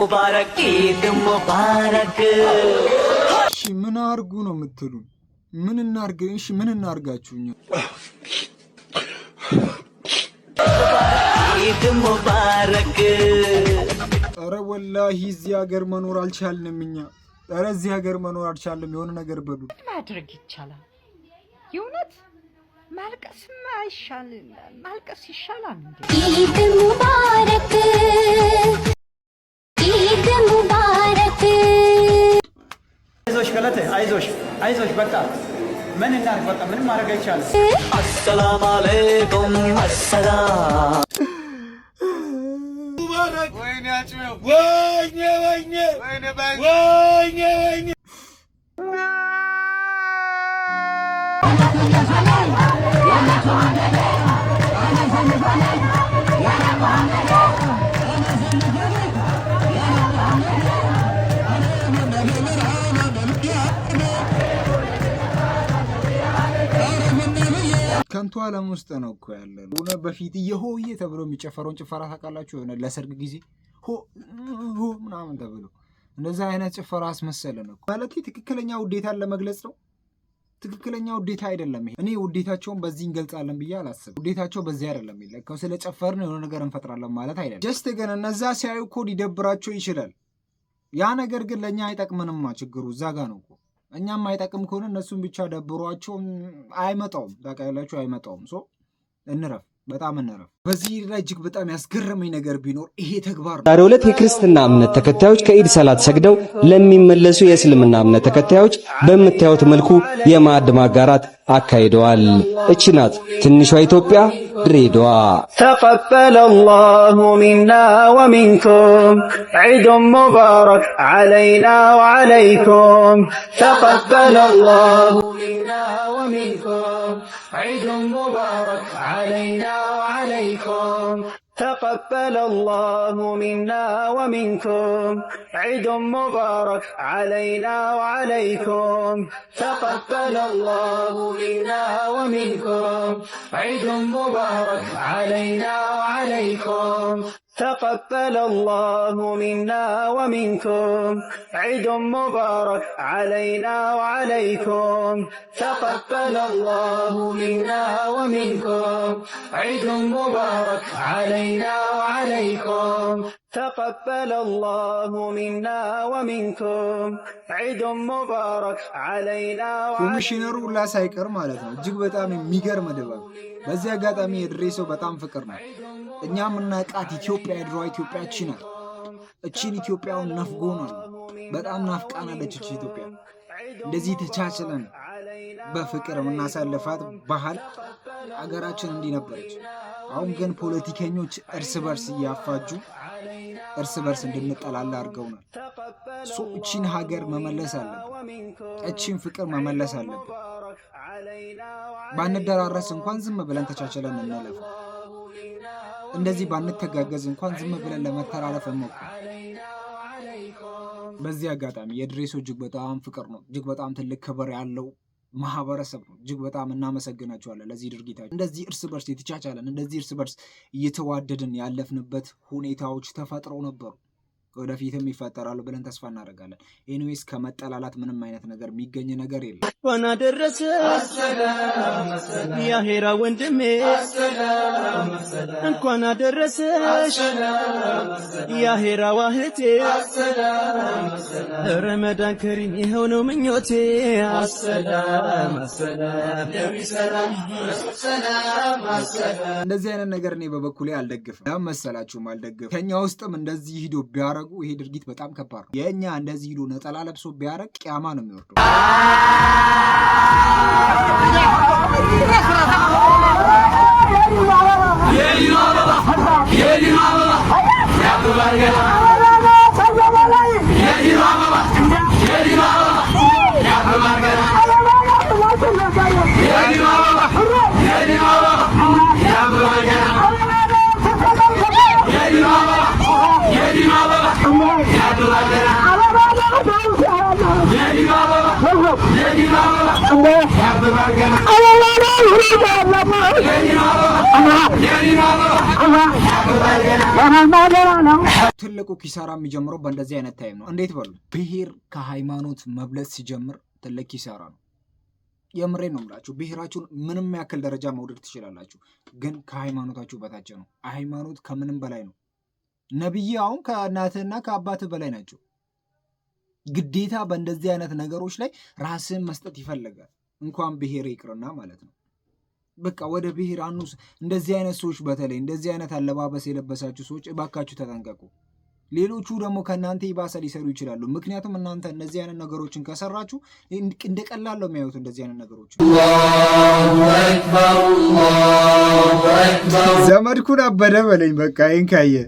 ሙባረክ እሺ ምን አርጉ ነው የምትሉ? ምን እናርግ? እሺ ምን እናርጋችሁ? ኧረ ወላሂ እዚህ ሀገር መኖር አልቻልንም እኛ። ኧረ እዚህ ሀገር መኖር አልቻልንም። የሆነ ነገር በሉ። ማድረግ ይቻላል። የእውነት ማልቀስ ማይሻል ማልቀስ ይሻላል። ኢድ ሙባረክ ዒድ ሙባረክ። አይዞሽ ገለቴ አይዞሽ አይዞሽ። በቃ ምን እናድርግ? በቃ ምንም ማድረግ አይቻልም። አሰላም አለይኩም አሰላም ሙባረክ ከንቱ ዓለም ውስጥ ነው እኮ ያለ ሆነ። በፊት የሆዬ ተብሎ የሚጨፈረውን ጭፈራ ታውቃላችሁ? የሆነ ለሰርግ ጊዜ ሆ ሆ ምናምን ተብሎ እንደዛ አይነት ጭፈራ አስመሰልን እኮ። ማለት ትክክለኛ ውዴታን ለመግለጽ ነው። ትክክለኛ ውዴታ አይደለም ይሄ። እኔ ውዴታቸውን በዚህ እንገልጻለን ብዬ አላስብም። ውዴታቸው በዚህ አይደለም ይለካው። ስለ ጨፈርን የሆነ ነገር እንፈጥራለን ማለት አይደለም። ጀስት ግን እነዛ ሲያዩ እኮ ሊደብራቸው ይችላል። ያ ነገር ግን ለእኛ አይጠቅምንማ። ችግሩ እዛ ጋ ነው እኮ እኛም አይጠቅም ከሆነ እነሱን ብቻ ደብሯቸው አይመጣውም። በቀላቸው አይመጣውም። ሶ እንረፍ፣ በጣም እንረፍ። በዚህ ላይ እጅግ በጣም ያስገረመኝ ነገር ቢኖር ይሄ ተግባር ነው። ዛሬ ዕለት የክርስትና እምነት ተከታዮች ከኢድ ሰላት ሰግደው ለሚመለሱ የእስልምና እምነት ተከታዮች በምታዩት መልኩ የማዕድ ማጋራት አካሂደዋል። እቺ ናት ትንሿ ኢትዮጵያ ድሬዳዋ። ተቀበለ ላሁ ሚና ወሚንኩም ዒዱን ሙባረክ ዓለይና ወዓለይኩም ተቀበለ ላሁ ሚና ወሚንኩም ዒዱን ሙባረክ ዓለይና ወዓለይኩም منكم تقبل الله منا ومنكم عيد مبارك علينا وعليكم تقبل الله منا ومنكم عيد مبارك علينا وعليكم تقبل الله منا ومنكم عيد مبارك علينا وعليكم تقبل الله منا ومنكم عيد مبارك علينا وعليكم تقبل الله منا ومنكم عيد مبارك علينا ኮሚሽነሩ ሁላ ሳይቀር ማለት ነው። እጅግ በጣም የሚገርም ድባብ። በዚህ አጋጣሚ የድሬ ሰው በጣም ፍቅር ነው። እኛ የምናውቃት ኢትዮጵያ የድሮዋ ኢትዮጵያችን ናት። እቺን ኢትዮጵያውን ነው በጣም ናፍቃናለች እቺ ኢትዮጵያ። እንደዚህ ተቻችለን በፍቅር የምናሳልፋት ባህል አገራችን እንዲህ ነበረች። አሁን ግን ፖለቲከኞች እርስ በርስ እያፋጁ እርስ በርስ እንድንጠላላ አድርገውናል። እሱ እቺን ሀገር መመለስ አለብን። እቺን ፍቅር መመለስ አለብን። ባንደራረስ እንኳን ዝም ብለን ተቻችለን እንለፍ። እንደዚህ ባንተጋገዝ እንኳን ዝም ብለን ለመተላለፍ እንሞክር። በዚህ አጋጣሚ የድሬሶ እጅግ በጣም ፍቅር ነው፣ እጅግ በጣም ትልቅ ክብር ያለው ማህበረሰብ ነው። እጅግ በጣም እናመሰግናቸዋለን ለዚህ ድርጊታቸው። እንደዚህ እርስ በርስ የተቻቻለን እንደዚህ እርስ በርስ እየተዋደድን ያለፍንበት ሁኔታዎች ተፈጥረው ነበሩ። ወደፊትም ይፈጠራሉ ብለን ተስፋ እናደርጋለን። ኤኒዌይስ ከመጠላላት ምንም አይነት ነገር የሚገኝ ነገር የለም። እንኳን አደረሰ ያሄራ ወንድሜ፣ እንኳን አደረሰሽ ያሄራ ዋህቴ። ረመዳን ከሪም የሆነው ምኞቴ እንደዚህ አይነት ነገር እኔ በበኩሌ አልደግፍም። መሰላችሁም አልደግፍም። ከኛ ውስጥም እንደዚህ ሂዶ ቢያረ ማድረጉ ይሄ ድርጊት በጣም ከባድ ነው። የእኛ እንደዚህ ሂዶ ነጠላ ለብሶ ቢያረቅ ቅያማ ነው የሚወርደው። የሊማ አበባ አለ ትልቁ ኪሳራ የሚጀምረው በእንደዚህ አይነት ታይም ነው። እንዴት በሉ ብሔር ከሃይማኖት መብለጥ ሲጀምር ትልቅ ኪሳራ ነው። የምሬ ነው የምላችሁ። ብሔራችሁን ምንም ያክል ደረጃ መውደድ ትችላላችሁ፣ ግን ከሃይማኖታችሁ በታች ነው። ሃይማኖት ከምንም በላይ ነው። ነቢይ አሁን ከእናትህና ከአባትህ በላይ ናቸው። ግዴታ በእንደዚህ አይነት ነገሮች ላይ ራስን መስጠት ይፈልጋል። እንኳን ብሔር ይቅርና ማለት ነው። በቃ ወደ ብሔር አኑስ። እንደዚህ አይነት ሰዎች በተለይ እንደዚህ አይነት አለባበስ የለበሳችሁ ሰዎች እባካችሁ ተጠንቀቁ። ሌሎቹ ደግሞ ከእናንተ ይባሰ ሊሰሩ ይችላሉ። ምክንያቱም እናንተ እንደዚህ አይነት ነገሮችን ከሰራችሁ እንደ ቀላል ነው የሚያዩት እንደዚህ አይነት ነገሮች። ዘመድኩን አበደ በለኝ በቃ ይህን ካየ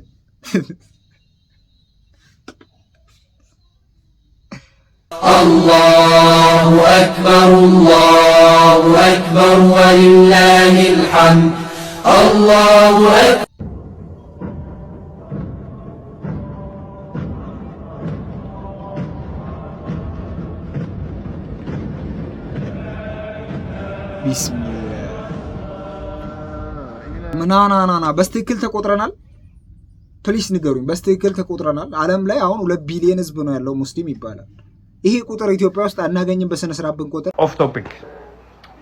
الله أكبر الله أكبر ولله الحمد الله أكبر ና ና ና ና በስትክክል ተቆጥረናል። ፕሊስ ንገሩኝ፣ በስትክክል ተቆጥረናል። ዓለም ላይ አሁን ሁለት ቢሊየን ህዝብ ነው ያለው ሙስሊም ይባላል። ይሄ ቁጥር ኢትዮጵያ ውስጥ አናገኝም። በስነ ስርዓት ብንቆጥር ኦፍ ቶፒክ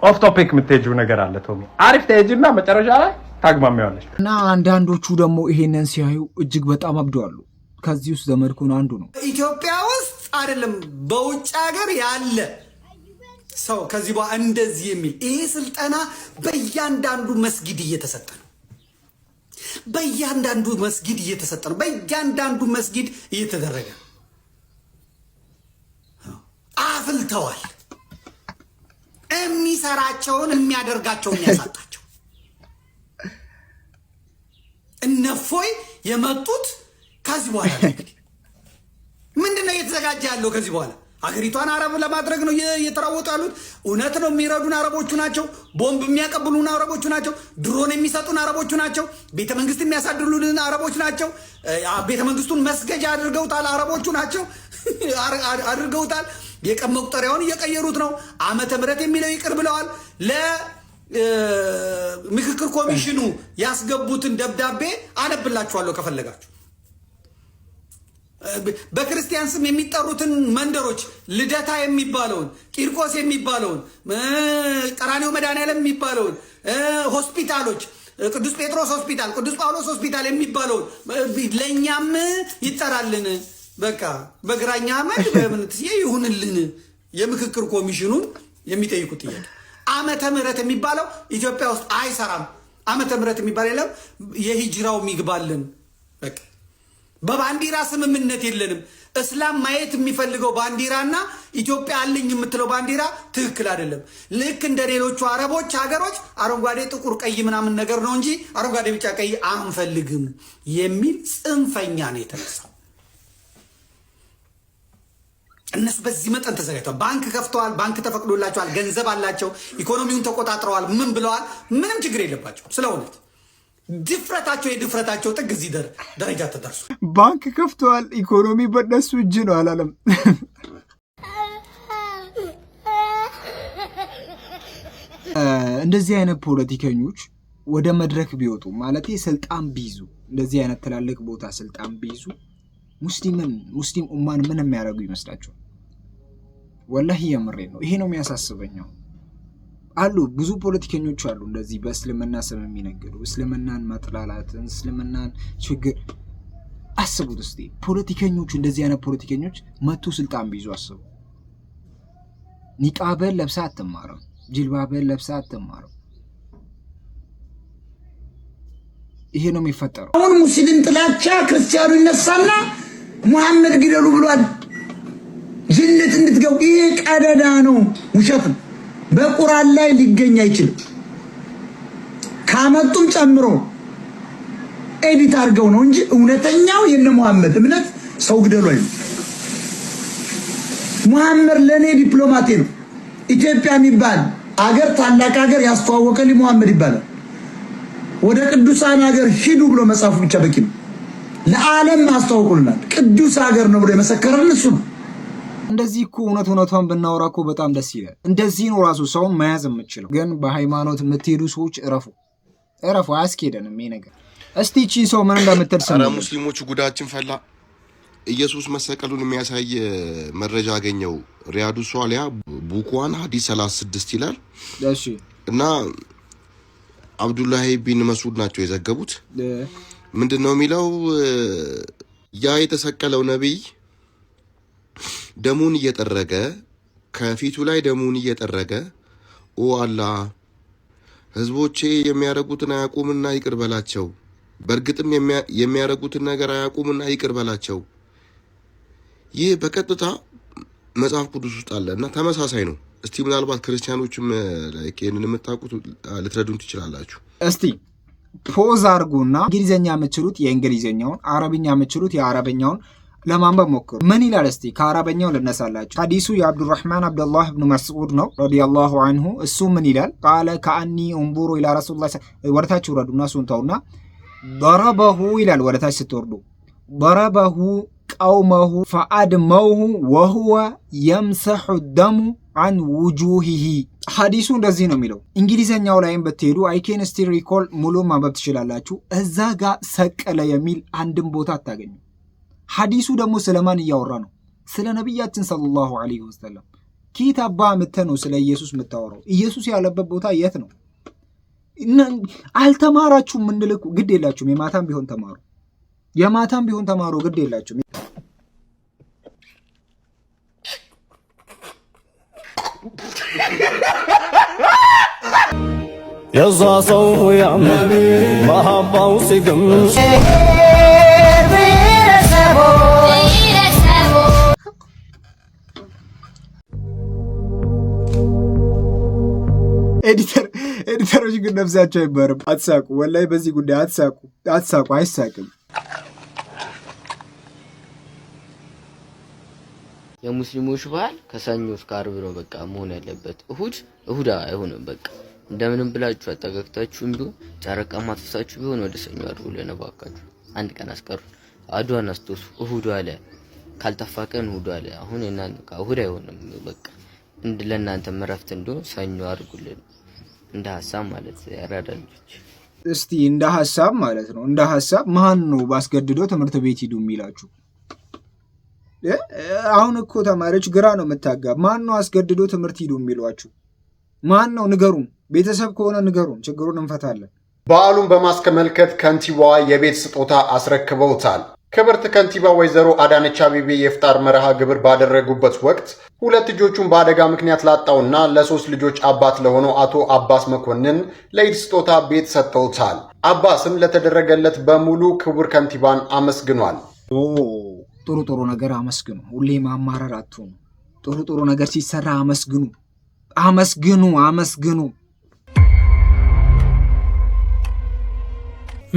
ኦፍ ቶፒክ የምትሄጂው ነገር አለ ቶሚ። አሪፍ ተሄጂና መጨረሻ ላይ ታግማሚዋለች። እና አንዳንዶቹ ደግሞ ይሄንን ሲያዩ እጅግ በጣም አብደዋሉ። ከዚህ ውስጥ ዘመድኩን አንዱ ነው። ኢትዮጵያ ውስጥ አይደለም በውጭ ሀገር ያለ ሰው ከዚህ በኋላ እንደዚህ የሚል ይሄ ስልጠና በእያንዳንዱ መስጊድ እየተሰጠ ነው። በእያንዳንዱ መስጊድ እየተሰጠ ነው። በእያንዳንዱ መስጊድ እየተደረገ ነው። አፍልተዋል። የሚሰራቸውን የሚያደርጋቸውን ያሳጣቸው። እነፎይ የመጡት ከዚህ በኋላ ምንድን ነው እየተዘጋጀ ያለው ከዚህ በኋላ አገሪቷን አረብ ለማድረግ ነው እየተራወጡ ያሉት። እውነት ነው። የሚረዱን አረቦቹ ናቸው። ቦምብ የሚያቀብሉን አረቦቹ ናቸው። ድሮን የሚሰጡን አረቦቹ ናቸው። ቤተ መንግስት የሚያሳድሉልን አረቦች ናቸው። ቤተ መንግስቱን መስገጃ አድርገውታል አረቦቹ ናቸው አድርገውታል። የቀን መቁጠሪያውን እየቀየሩት ነው። ዓመተ ምሕረት የሚለው ይቅር ብለዋል። ለምክክር ኮሚሽኑ ያስገቡትን ደብዳቤ አነብላችኋለሁ ከፈለጋችሁ። በክርስቲያን ስም የሚጠሩትን መንደሮች ልደታ የሚባለውን ቂርቆስ የሚባለውን ቀራኔው መድኃኔዓለም የሚባለውን ሆስፒታሎች ቅዱስ ጴጥሮስ ሆስፒታል፣ ቅዱስ ጳውሎስ ሆስፒታል የሚባለውን ለእኛም ይጠራልን። በቃ በግራኛ አመድ በእምነት ይሁንልን። የምክክር ኮሚሽኑን የሚጠይቁት ጥያቄ ዓመተ ምሕረት የሚባለው ኢትዮጵያ ውስጥ አይሰራም። ዓመተ ምሕረት የሚባል የለም። የሂጅራው ይግባልን በቃ በባንዲራ ስምምነት የለንም። እስላም ማየት የሚፈልገው ባንዲራና ኢትዮጵያ አለኝ የምትለው ባንዲራ ትክክል አይደለም። ልክ እንደ ሌሎቹ አረቦች ሀገሮች አረንጓዴ፣ ጥቁር፣ ቀይ ምናምን ነገር ነው እንጂ አረንጓዴ፣ ቢጫ፣ ቀይ አንፈልግም የሚል ጽንፈኛ ነው የተነሳው። እነሱ በዚህ መጠን ተዘጋጅተዋል። ባንክ ከፍተዋል። ባንክ ተፈቅዶላቸዋል። ገንዘብ አላቸው። ኢኮኖሚውን ተቆጣጥረዋል። ምን ብለዋል? ምንም ችግር የለባቸው ስለሆነት ድፍረታቸው የድፍረታቸው ጥግ እዚህ ደረጃ ተደርሱ። ባንክ ከፍተዋል። ኢኮኖሚ በነሱ እጅ ነው አላለም። እንደዚህ አይነት ፖለቲከኞች ወደ መድረክ ቢወጡ ማለት ስልጣን ቢይዙ እንደዚህ አይነት ትላልቅ ቦታ ስልጣን ቢይዙ ሙስሊምን ሙስሊም ኡማን ምን የሚያደርጉ ይመስላቸው? ወላሂ የምሬ ነው። ይሄ ነው የሚያሳስበኛው። አሉ ብዙ ፖለቲከኞች አሉ እንደዚህ በእስልምና ስም የሚነግዱ እስልምናን መጥላላትን እስልምናን ችግር አስቡት እስኪ ፖለቲከኞቹ እንደዚህ አይነት ፖለቲከኞች መቶ ስልጣን ቢይዙ አስቡ ኒቃበን ለብሰህ አትማረም ጅልባበን ለብሰህ አትማረም ይሄ ነው የሚፈጠረው አሁን ሙስሊም ጥላቻ ክርስቲያኑ ይነሳና ሙሐመድ ግደሉ ብሏል ጅነት እንድትገቡ ይሄ ቀደዳ ነው ውሸት ነው በቁራን ላይ ሊገኝ አይችልም። ካመጡም ጨምሮ ኤዲት አድርገው ነው እንጂ እውነተኛው የነ መሐመድ እምነት ሰው ግደሉ አይሉ። መሐመድ ለእኔ ዲፕሎማቴ ነው። ኢትዮጵያ የሚባል አገር ታላቅ ሀገር ያስተዋወቀልኝ መሐመድ ይባላል። ወደ ቅዱሳን ሀገር ሂዱ ብሎ መጽሐፉ ብቻ በቂ ነው። ለዓለም አስተዋውቁልናል። ቅዱስ ሀገር ነው ብሎ የመሰከረ እሱ ነው። እንደዚህ እኮ እውነት እውነቷን ብናወራ እኮ በጣም ደስ ይላል። እንደዚህ ነው ራሱ ሰውን መያዝ የምችለው። ግን በሃይማኖት የምትሄዱ ሰዎች እረፉ፣ እረፉ። አያስኬደንም ይሄ ነገር። እስቲ ይቺን ሰው ምን እንደምትል ስሙ። ሙስሊሞቹ ጉዳችን ፈላ። ኢየሱስ መሰቀሉን የሚያሳይ መረጃ አገኘው። ሪያዱ ሷሊያ ቡኳን ሀዲስ 36 ይላል እና አብዱላሂ ቢን መስዑድ ናቸው የዘገቡት። ምንድን ነው የሚለው ያ የተሰቀለው ነቢይ ደሙን እየጠረገ ከፊቱ ላይ ደሙን እየጠረገ ኦ አላ ህዝቦቼ የሚያደርጉትን አያቁምና ይቅር በላቸው፣ በእርግጥም የሚያደርጉትን ነገር አያቁምና ይቅር በላቸው። ይህ በቀጥታ መጽሐፍ ቅዱስ ውስጥ አለ እና ተመሳሳይ ነው። እስቲ ምናልባት ክርስቲያኖችም ይህንን የምታውቁት ልትረዱን ትችላላችሁ። እስቲ ፖዝ አድርጉና እንግሊዝኛ የምችሉት የእንግሊዝኛውን፣ አረብኛ የምችሉት የአረብኛውን ለማንበብ ሞክሩ። ምን ይላል እስቲ? ከአረበኛው ልነሳላችሁ። ሀዲሱ የአብዱራህማን አብደላህ ብኑ መስዑድ ነው ረዲያላሁ አንሁ። እሱ ምን ይላል? ቃለ ከአኒ እንቡሩ ኢላ ረሱላ። ወደታች ውረዱና እሱን ተውና፣ በረበሁ ይላል። ወደታች ስትወርዱ በረበሁ ቀውመሁ ፈአድመውሁ ወሁወ የምሰሑ ደሙ አን ውጁሂሂ ሀዲሱ እንደዚህ ነው የሚለው። እንግሊዘኛው ላይም ብትሄዱ አይኬን ስቲል ሪኮል ሙሉ ማንበብ ትችላላችሁ። እዛ ጋር ሰቀለ የሚል አንድም ቦታ አታገኙ። ሐዲሱ ደግሞ ስለማን እያወራ ነው? ስለ ነቢያችን ሰለላሁ ዐለይሂ ወሰለም። ኪት አባ ምተ ነው ስለ ኢየሱስ የምታወራው? ኢየሱስ ያለበት ቦታ የት ነው? አልተማራችሁም? ምንልኩ ግድ የላችሁም። የማታም ቢሆን ተማሩ፣ የማታም ቢሆን ተማሩ፣ ግድ የላችሁም። የዛ ሰው ያምን መሀባው ሲግም ነፍሳቸው አይማርም። አትሳቁ፣ ወላይ በዚህ ጉዳይ አትሳቁ፣ አትሳቁ፣ አይሳቅም። የሙስሊሞች በዓል ከሰኞ እስከ ዓርብ ነው በቃ መሆን ያለበት። እሁድ እሁድ አይሆንም በቃ እንደምንም ብላችሁ አጠጋግታችሁም ቢሆን ጨረቃ ማትፍሳችሁ ቢሆን ወደ ሰኞ አድሩ። ለነባካችሁ አንድ ቀን አስቀሩ። አድዋን አስቶሱ እሁድ አለ ካልጠፋ ቀን እሁድ አለ። አሁን እናንተ እሁድ አይሆንም በቃ እንድ ለእናንተ እረፍት እንዲሆን ሰኞ አድርጉልን። እንደ ሀሳብ ማለት ያራዳ እስቲ እንደ ሀሳብ ማለት ነው። እንደ ሀሳብ ማን ነው ባስገድዶ ትምህርት ቤት ሂዱ የሚላችሁ? አሁን እኮ ተማሪዎች ግራ ነው የምታጋ። ማን ነው አስገድዶ ትምህርት ሂዱ የሚሏችሁ? ማን ነው ንገሩን። ቤተሰብ ከሆነ ንገሩን፣ ችግሩን እንፈታለን። በዓሉን በማስከመልከት ከንቲባዋ የቤት ስጦታ አስረክበውታል። ክብርት ከንቲባ ወይዘሮ አዳነች አቤቤ የፍጣር መርሃ ግብር ባደረጉበት ወቅት ሁለት ልጆቹን በአደጋ ምክንያት ላጣውና ለሶስት ልጆች አባት ለሆነው አቶ አባስ መኮንን ለኢድ ስጦታ ቤት ሰጥተውታል። አባስም ለተደረገለት በሙሉ ክቡር ከንቲባን አመስግኗል። ጥሩ ጥሩ ነገር አመስግኑ። ሁሌ ማማረር አትሆኑ። ጥሩ ጥሩ ነገር ሲሰራ አመስግኑ፣ አመስግኑ፣ አመስግኑ።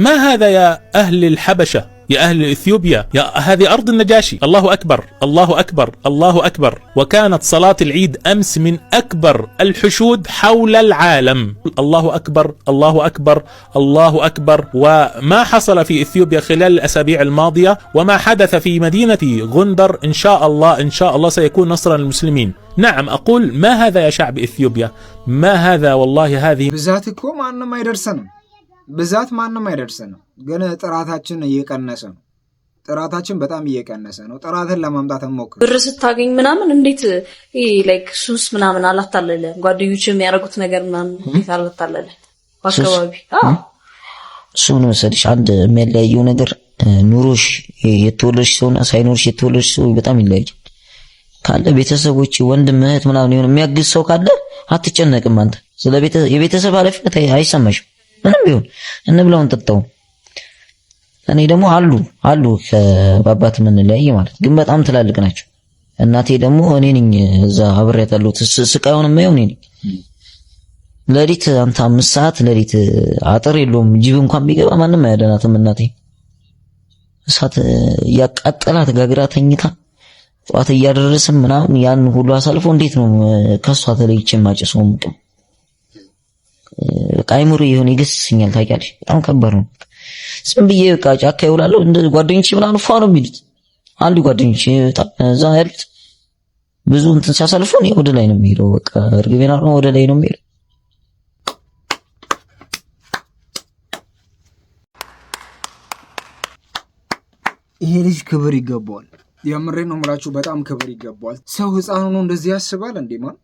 ማ ሃዛ ያ አህል ልሐበሻ يا أهل إثيوبيا يا هذه أرض النجاشي الله أكبر الله أكبر الله أكبر وكانت صلاة العيد أمس من أكبر الحشود حول العالم الله أكبر الله أكبر الله أكبر وما حصل في إثيوبيا خلال الأسابيع الماضية وما حدث في مدينة غندر إن شاء الله إن شاء الله سيكون نصرا للمسلمين نعم أقول ما هذا يا شعب إثيوبيا ما هذا والله هذه بذاتكم أنما ما يدرسنا ብዛት ማንም አይደርስንም፣ ግን ጥራታችን እየቀነሰ ነው። ጥራታችን በጣም እየቀነሰ ነው። ጥራትን ለማምጣት እንሞክር። ብር ስታገኝ ምናምን እንዴት ላይክ ሱስ ምናምን አላታለለ ጓደኞች የሚያደርጉት ነገር ምናምን አላታለለ አካባቢ እሱ ምን መሰለሽ፣ አንድ የሚያለያየው ነገር ኑሮሽ የተወለድሽ ሰውና ሳይኖርሽ የተወለድሽ ሰው በጣም ይለያያል። ካለ ቤተሰቦች ወንድም እህት ምናምን የሆነ የሚያግዝ ሰው ካለ አትጨነቅም አንተ። ስለ የቤተሰብ ኃላፊነት አይሰማሽም። ምንም ቢሆን እንብላውን ጠጣው። እኔ ደግሞ አሉ አሉ ከአባት ምን ላይ ማለት ግን በጣም ትላልቅ ናቸው። እናቴ ደግሞ እኔ ነኝ እዛ አብሬያት ያለሁት ስቃዩን ማየው እኔ ነኝ። ሌሊት አንተ አምስት ሰዓት ለሊት አጥር የለውም ጅብ እንኳን ቢገባ ማንም አያደናትም። እናቴ እሳት ያቃጠላት ጋግራ ተኝታ ጠዋት እያደረስም ምናምን ያን ሁሉ አሳልፎ እንዴት ነው ከሷ ተለይቼ ማጨሰው ምቅም በቃ አይምሮ የሆነ ይገስሰኛል። ታውቂያለሽ፣ በጣም ከባድ ነው። ዝም ብዬ በቃ ጫካ ይውላለሁ። እንደ ጓደኞቼ ምናምን ፏ ነው የሚሉት አሉ ጓደኞቼ በጣም እዛ ያሉት ብዙ እንትን ሲያሳልፉ እኔ ወደ ላይ ነው የሚሄደው። በቃ እርግቤና ነው ወደ ላይ ነው የሚሄደው። ይሄ ልጅ ክብር ይገባዋል። የምሬ ነው የምላችሁ፣ በጣም ክብር ይገባዋል። ሰው ህፃኑ ነው እንደዚህ ያስባል እንዴ? ማን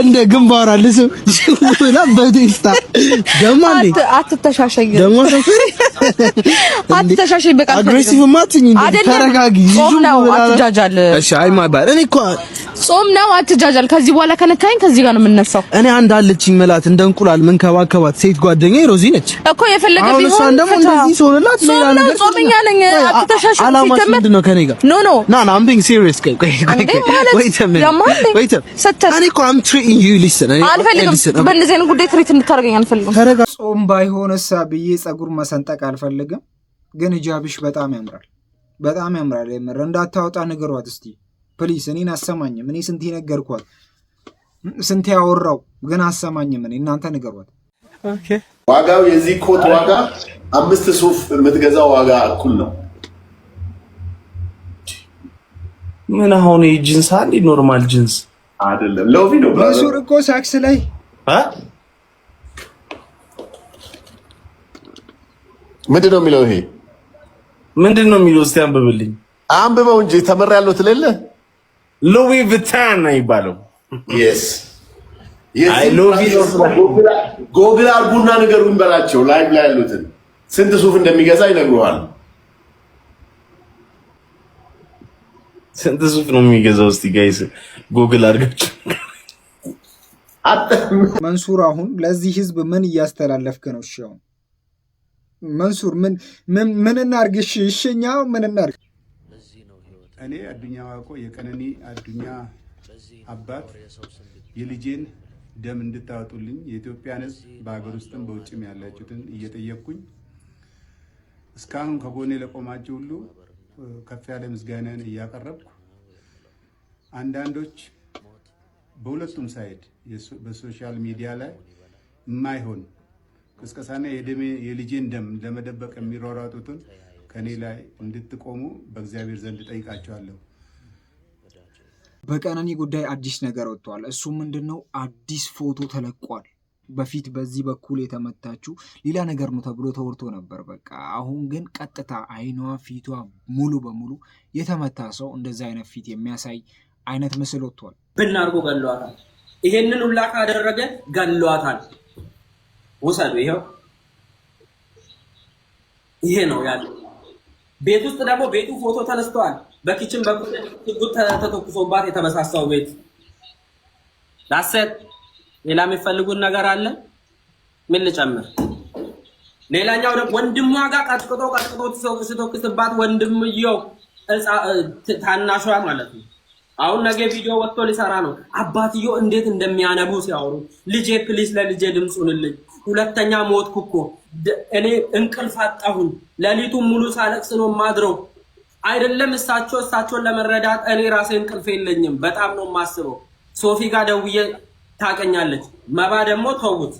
እንደ ግንባር አለ ሰው ላ በቴስታ ደግሞ አትተሻሸኝ፣ ደግሞ አትተሻሸኝ። በቃ አግሬሲቭ ማትኝ እንዴ ተረጋጊ። ጾም ነው አትጃጃል። እሺ፣ አይ ማይባል እኔ እኮ ጾም ነው አትጃጃል። ከዚህ በኋላ ከነካኝ ከዚህ ጋር ነው የምነሳው። እኔ አንድ አለችኝ መላት እንደ እንቁላል ምን ሴት ጓደኛ ሮዚ ነች እኮ የፈለገ ቢሆን እሷን ደግሞ እንደዚህ ሶንላት ሌላ ነገር ጾምኛ ነኝ አትተሻሸኝ። ሲተምት ኖ ኖ ና ና አም ቢንግ ሲሪየስ ከኝ ጾም ባይሆንሳ ብዬ ጸጉር መሰንጠቅ አልፈልግም፣ ግን ሂጃብሽ በጣም ያምራል፣ በጣም ያምራል። የምር እንዳታወጣ ንገሯት እስቲ ፕሊስ። እኔን አሰማኝም። እኔ ስንት ነገርኳት፣ ስንት ያወራው፣ ግን አሰማኝም። እኔ እናንተ ንገሯት። ዋጋው የዚህ ኮት ዋጋ አምስት ሱፍ የምትገዛው ዋጋ እኩል ነው። ምን አሁን ጂንስ አንድ ኖርማል ጂንስ አይደለም። ሎቪ ነው ብራዘር እኮ ሳክስ ላይ ምንድን ነው የሚለው? ይሄ ምንድን ነው የሚለው? እስቲ አንብብልኝ። አንብበው እንጂ ተመራ ያለው ትለለ ሉዊ ቪታን ነው ይባለው። yes yes ሎቪ ጎግል አርጉና ነገሩን በላቸው። ላይቭ ላይ ያሉትን ስንት ሱፍ እንደሚገዛ ይነግሩሃል። ስንት ሱፍ ነው የሚገዛው? እስቲ ጋይስ ጎግል አድርጋችሁ መንሱር አሁን ለዚህ ህዝብ ምን እያስተላለፍክ ነው? እሺ አሁን መንሱር ምን ምን እናድርግ? እሺ እሺ እኛ ምን እናርግ? እኔ አዱኛ ዋቆ የቀነኒ አዱኛ አባት የልጄን ደም እንድታወጡልኝ የኢትዮጵያን ህዝብ በሀገር ውስጥም በውጭም ያላችሁትን እየጠየቅኩኝ እስካሁን ከጎኔ ለቆማችሁ ሁሉ ከፍ ያለ ምስጋናን እያቀረብኩ አንዳንዶች በሁለቱም ሳይድ በሶሻል ሚዲያ ላይ የማይሆን ቅስቀሳና የደሜ የልጄን ደም ለመደበቅ የሚሯሯጡትን ከኔ ላይ እንድትቆሙ በእግዚአብሔር ዘንድ ጠይቃቸዋለሁ። በቀነኒ ጉዳይ አዲስ ነገር ወጥቷል። እሱ ምንድን ነው? አዲስ ፎቶ ተለቋል። በፊት በዚህ በኩል የተመታችው ሌላ ነገር ነው ተብሎ ተወርቶ ነበር። በቃ አሁን ግን ቀጥታ አይኗ ፊቷ ሙሉ በሙሉ የተመታ ሰው እንደዚ አይነት ፊት የሚያሳይ አይነት ምስል ወጥቷል። ብን አድርጎ ገለዋታል። ይሄንን ሁላ ካደረገ ገለዋታል። ውሰዱ። ይኸው ይሄ ነው ያለው። ቤት ውስጥ ደግሞ ቤቱ ፎቶ ተነስተዋል። በኪችን በኩል ተተኩሶባት የተመሳሳው ቤት ላሰት ሌላ የሚፈልጉት ነገር አለ? ምን ልጨምር? ሌላኛው ደግሞ ወንድሟ ጋር ቀጥቅጦ ቀጥቅጦ ሲተኩስባት ወንድምየው ታናሿ ማለት ነው። አሁን ነገ ቪዲዮ ወጥቶ ሊሰራ ነው። አባትየው እንዴት እንደሚያነቡ ሲያወሩ፣ ልጄ ፕሊስ ለልጄ ድምፁንልኝ፣ ሁለተኛ ሞትኩ እኮ እኔ እንቅልፍ አጣሁን ለሊቱ ሙሉ ሳለቅስ ነው ማድረው። አይደለም እሳቸው እሳቸውን ለመረዳት እኔ ራሴ እንቅልፍ የለኝም። በጣም ነው ማስበው። ሶፊ ጋር ደውዬ ታቀኛለች። መባ ደግሞ ተውት።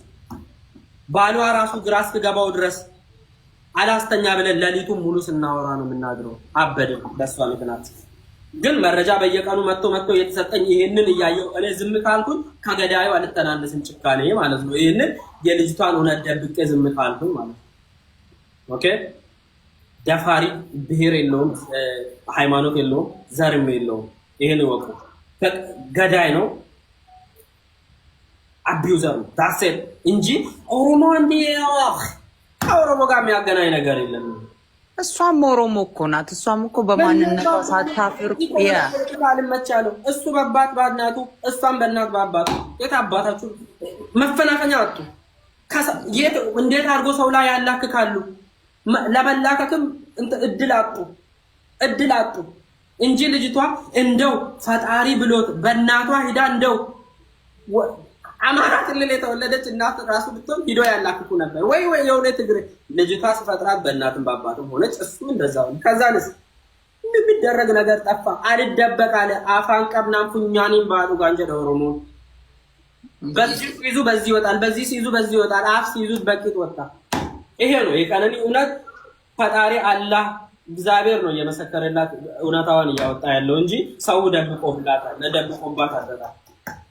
ባሏ ራሱ ግራ እስክገባው ድረስ አላስተኛ ብለን ለሊቱ ሙሉ ስናወራ ነው የምናድረው። አበደ በእሷ ምክንያት። ግን መረጃ በየቀኑ መጥቶ መጥቶ እየተሰጠኝ ይሄንን እያየው እኔ ዝም ካልኩኝ ከገዳዩ አልተናነስም ጭካኔ ማለት ነው። ይሄንን የልጅቷን እውነት ደብቄ ዝም ካልኩኝ ማለት ነው። ኦኬ ደፋሪ ብሔር የለውም፣ ሃይማኖት የለውም፣ ዘርም የለውም። ይሄን ወቁ ገዳይ ነው። አቢዩዘሩ ዳሴት እንጂ ኦሮሞ እንዲ ከኦሮሞ ጋር የሚያገናኝ ነገር የለም። እሷም ኦሮሞ እኮ ናት። እሷም እኮ በማንነቷ ሳታፍር አልመቻለው። እሱ በአባት በእናቱ እሷም በእናት በአባቱ የት አባታችሁ መፈናፈኛ አጡ። እንዴት አድርጎ ሰው ላይ ያላክካሉ? ለመላከክም እድል አጡ፣ እድል አጡ እንጂ ልጅቷ እንደው ፈጣሪ ብሎት በእናቷ ሂዳ እንደው አማራ ክልል የተወለደች እናት ራሱ ብትሆን ሂዶ ያላክኩ ነበር ወይ ወይ የሆነ ትግሬ ልጅቷ ስፈጥራት በእናትም በአባትም ሆነች። እሱ እንደዛው ንስ የሚደረግ ነገር ጠፋ። አልደበቅ አለ አፋን ቀብና ፉኛኔም ባሉ ጋንጀ ደሮሞ በዚህ ሲይዙ በዚህ ይወጣል፣ በዚህ ሲይዙ በዚህ ይወጣል። አፍ ሲይዙ በቂት ወጣ። ይሄ ነው የቀነኒ እውነት። ፈጣሪ አላህ እግዚአብሔር ነው እየመሰከረላት እውነታዋን እያወጣ ያለው እንጂ ሰው ደብቆ ብላታል፣ ደብቆባት አደጣል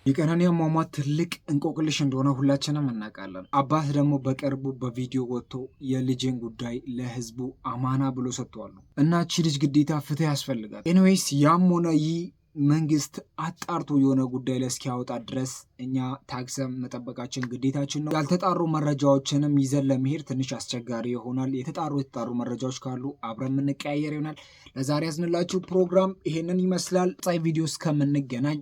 የቀነኒ አሟሟት ትልቅ እንቆቅልሽ እንደሆነ ሁላችንም እናውቃለን። አባት ደግሞ በቅርቡ በቪዲዮ ወጥቶ የልጅን ጉዳይ ለህዝቡ አማና ብሎ ሰጥተዋል። እና እቺ ልጅ ግዴታ ፍትህ ያስፈልጋል። ኤኒዌይስ ያም ሆነ ይህ መንግስት አጣርቶ የሆነ ጉዳይ ላይ እስኪያወጣ ድረስ እኛ ታግሰም መጠበቃችን ግዴታችን ነው። ያልተጣሩ መረጃዎችንም ይዘን ለመሄድ ትንሽ አስቸጋሪ ይሆናል። የተጣሩ የተጣሩ መረጃዎች ካሉ አብረን የምንቀያየር ይሆናል። ለዛሬ ያዝንላችሁ ፕሮግራም ይሄንን ይመስላል። ጻይ ቪዲዮ እስከምንገናኝ